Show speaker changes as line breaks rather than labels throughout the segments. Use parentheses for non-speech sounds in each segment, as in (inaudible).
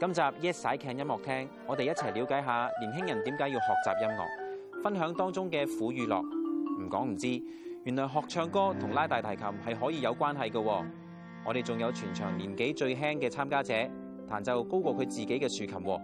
今集《Yes I Can 音樂廳》，我哋一齊了解下年輕人點解要學習音樂，分享當中嘅苦與樂。唔講唔知，原來學唱歌同拉大提琴係可以有關係嘅。我哋仲有全場年紀最輕嘅參加者，彈奏高過佢自己嘅豎琴。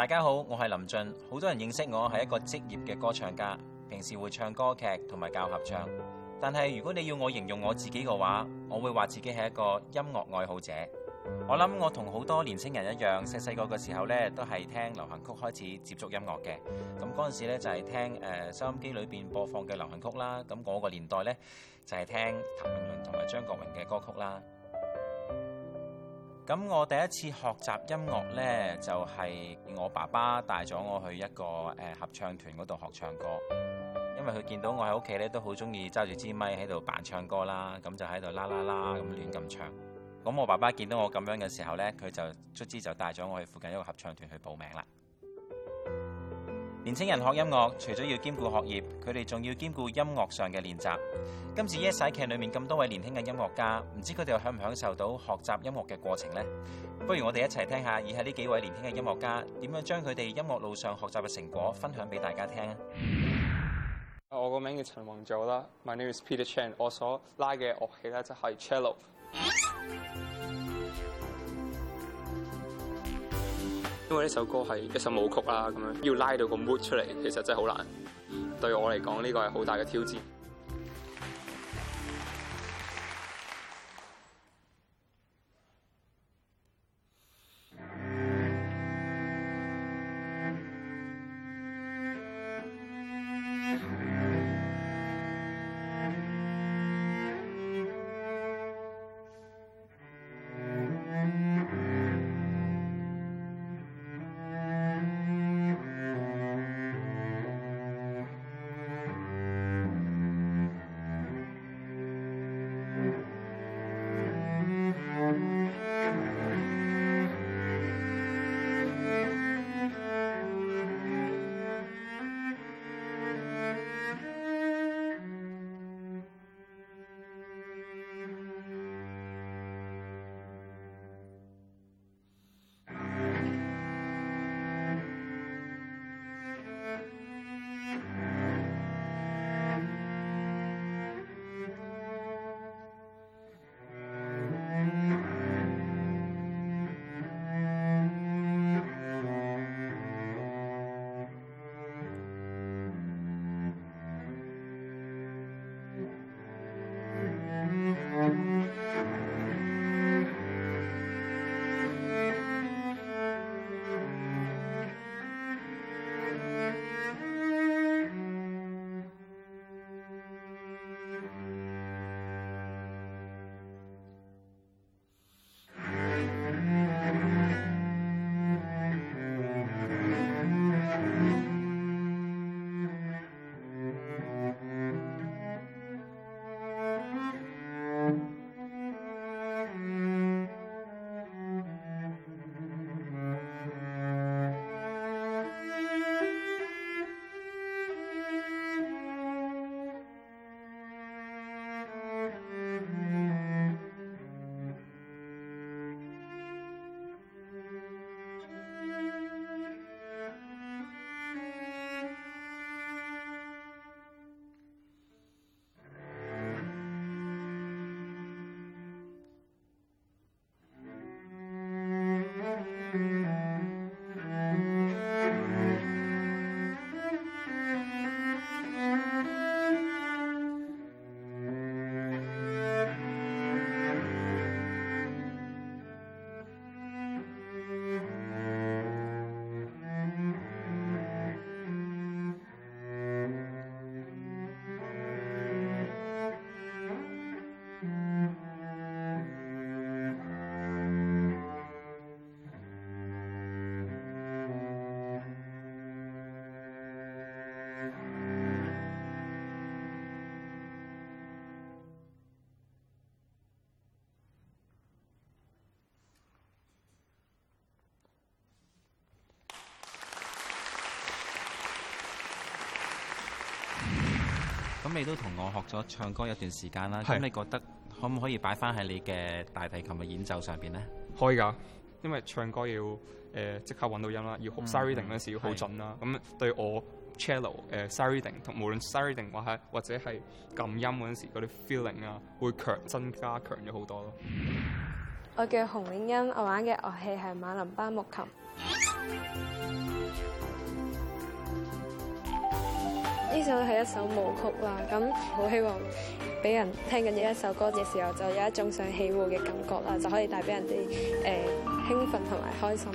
大家好，我係林俊，好多人認識我係一個職業嘅歌唱家，平時會唱歌劇同埋教合唱。但係如果你要我形容我自己嘅話，我會話自己係一個音樂愛好者。我諗我同好多年輕人一樣，細細個嘅時候咧都係聽流行曲開始接觸音樂嘅。咁嗰陣時咧就係、是、聽誒、呃、收音機裏邊播放嘅流行曲啦。咁嗰個年代咧就係、是、聽譚詠麟同埋張國榮嘅歌曲啦。咁我第一次學習音樂呢，就係、是、我爸爸帶咗我去一個誒合唱團嗰度學唱歌，因為佢見到我喺屋企咧都好中意揸住支咪喺度扮唱歌啦，咁就喺度啦啦啦咁亂咁唱。咁我爸爸見到我咁樣嘅時候呢，佢就卒之就帶咗我去附近一個合唱團去報名啦。年青人學音樂，除咗要兼顧學業，佢哋仲要兼顧音樂上嘅練習。今次《Yes I Can》裏面咁多位年輕嘅音樂家，唔知佢哋又享唔享受到學習音樂嘅過程呢？不如我哋一齊聽下，以下呢幾位年輕嘅音樂家點樣將佢哋音樂路上學習嘅成果分享俾大家聽啊！我個名叫陳宏祖啦，My name is Peter Chen。我所拉嘅樂器咧就係 cello。因為呢首歌係一首舞曲啦，咁樣要拉到個 mood 出嚟，其實真係好難。對我嚟講，呢個係好大嘅挑戰。咁你都同我學咗唱歌一段時間啦，咁是你覺得可唔可以擺翻喺你嘅大提琴嘅演奏上邊咧？可以㗎，因為唱歌要誒即刻揾到音啦，要好 sight reading 嗰陣時要好準啦。咁的對我 cello、呃、sight reading 同無論 sight reading 或係或者係撳音嗰陣時嗰啲 feeling 啊，會強增加強咗好多咯。
我叫洪鈴欣，我玩嘅樂器係馬林巴木琴。嗯呢首係一首舞曲啦，咁好希望俾人聽緊呢一首歌嘅時候，就有一種想起舞嘅感覺啦，就可以帶俾人哋、呃、興奮同埋開心。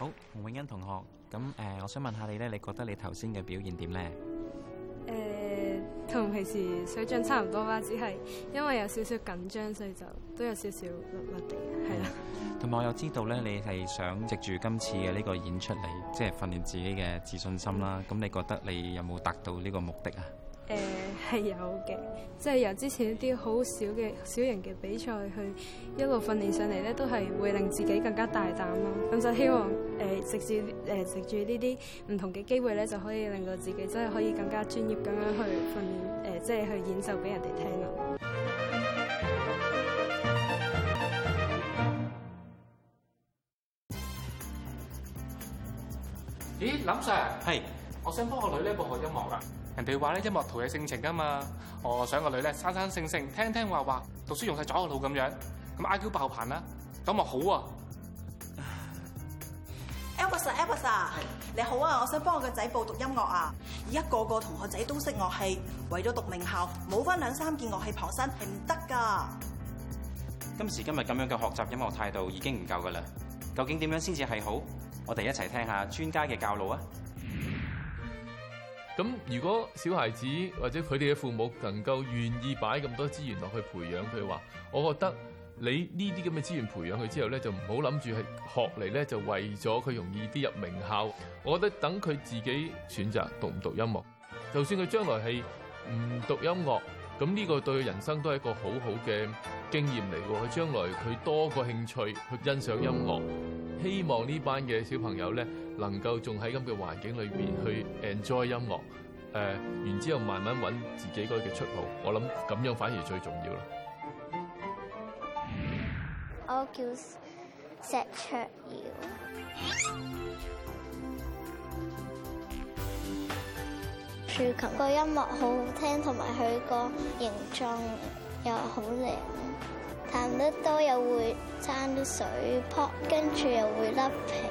好，吳永恩同學，咁、呃、我想問下你咧，你覺得你頭先嘅表現點咧？
誒、呃，同平時水準差唔多啦，只係因為有少少緊張，所以就都有少少甩甩地，係啦
的。同埋 (laughs) 我又知道咧，你係想藉住今次嘅呢個演出嚟，即、就、係、是、訓練自己嘅自信心啦。咁、嗯、你覺得你有冇達到呢個目的啊？
誒、呃。係有嘅，即係由之前一啲好小嘅、小型嘅比賽去一路訓練上嚟咧，
都係會令自己更加大膽囉。咁就希望誒，食住誒，食住呢啲
唔同嘅機會咧，就可以令到自己真係可以更加專業咁樣去訓練誒，即係去演奏俾人哋聽囉。咦，林 Sir
係，我想幫個女呢，部學音樂啊！人哋話咧，音樂陶冶性情噶嘛，我想個女咧生生性性，聽聽話話，讀書用晒咗個腦咁樣，咁 IQ 爆棚啦，咁咪好啊！Elvis，Elvis，你好啊，我想幫我個仔報讀音樂啊！而家個個同學仔都識樂器，為咗讀名校，冇翻兩三件樂器傍身係唔得噶。今時今日咁樣嘅學習音樂態度已經唔夠噶啦，究竟點樣先至係好？我哋一齊聽下專家嘅教路啊！咁如果小孩子或者佢哋嘅父母能夠願意擺咁多資源落去培養佢話，我覺得你呢啲咁嘅資源培養佢之後咧，就唔好諗住係學嚟咧，就為咗佢容易啲入名校。我覺得等佢自己選擇讀唔讀音樂，就算佢將來係唔讀音樂，咁呢個對佢人生都係一個好好嘅經驗嚟喎。佢將來佢多個興趣去欣賞音樂。希望呢班嘅小朋友咧，能夠仲喺咁嘅環境裏邊去 enjoy 音樂，誒、呃，然之後慢慢揾自己個嘅出路。我諗咁樣反而最重要啦。
我叫石卓瑤，豎琴個音樂好好聽，同埋佢個形狀又好靚。彈得多又會撐啲水泡，跟住又會甩皮。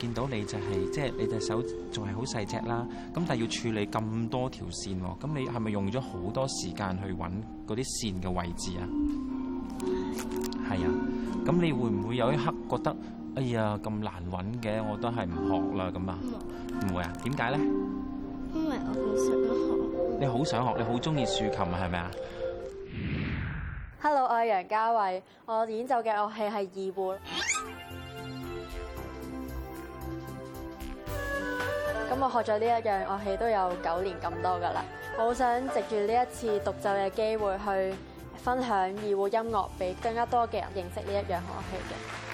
見到你就係、是，即、就、係、是、你手隻手仲係好細隻啦。咁但係要處理咁多條線喎，咁你係咪用咗好多時間去揾嗰啲線嘅位置啊？係啊，咁你會唔會有一刻覺得，哎呀咁難揾嘅，我都係唔學啦咁啊？唔會啊？點解咧？因為我好想，想學。你好想學，你好鍾意豎琴係咪啊？Hello，我係楊家偉，我演奏嘅樂器係二胡。我學咗呢一樣樂器都有九年咁多噶啦，我好想藉住呢一次獨奏嘅機會去分享二胡音樂，俾更加多嘅人認識呢一樣樂器嘅。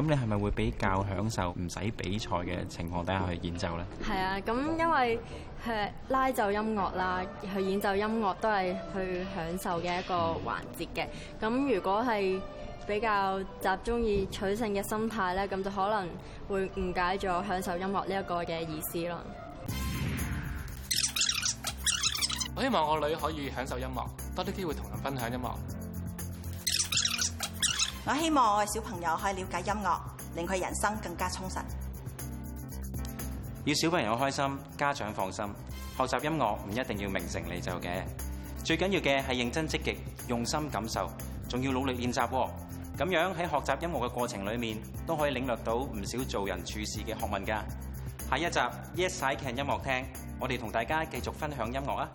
咁你係咪會比較享受唔使比賽嘅情況底下去演奏呢？係啊，咁因為係拉奏音樂啦，去演奏音樂都係去享受嘅一個環節嘅。咁如果係比較集中意取勝嘅心態咧，咁就可能會誤解咗享受音樂呢一個嘅意思咯。我希望我女可以享受音樂，多啲機會同人分享音樂。我希望我嘅小朋友可以了解音樂，令佢人生更加充實。要小朋友開心，家長放心。學習音樂唔一定要名成利就嘅，最緊要嘅係認真積極，用心感受，仲要努力練習喎。咁樣喺學習音樂嘅過程裏面，都可以領略到唔少做人處事嘅學問噶。下一集 Yes I Can 音樂廳，我哋同大家繼續分享音樂啊！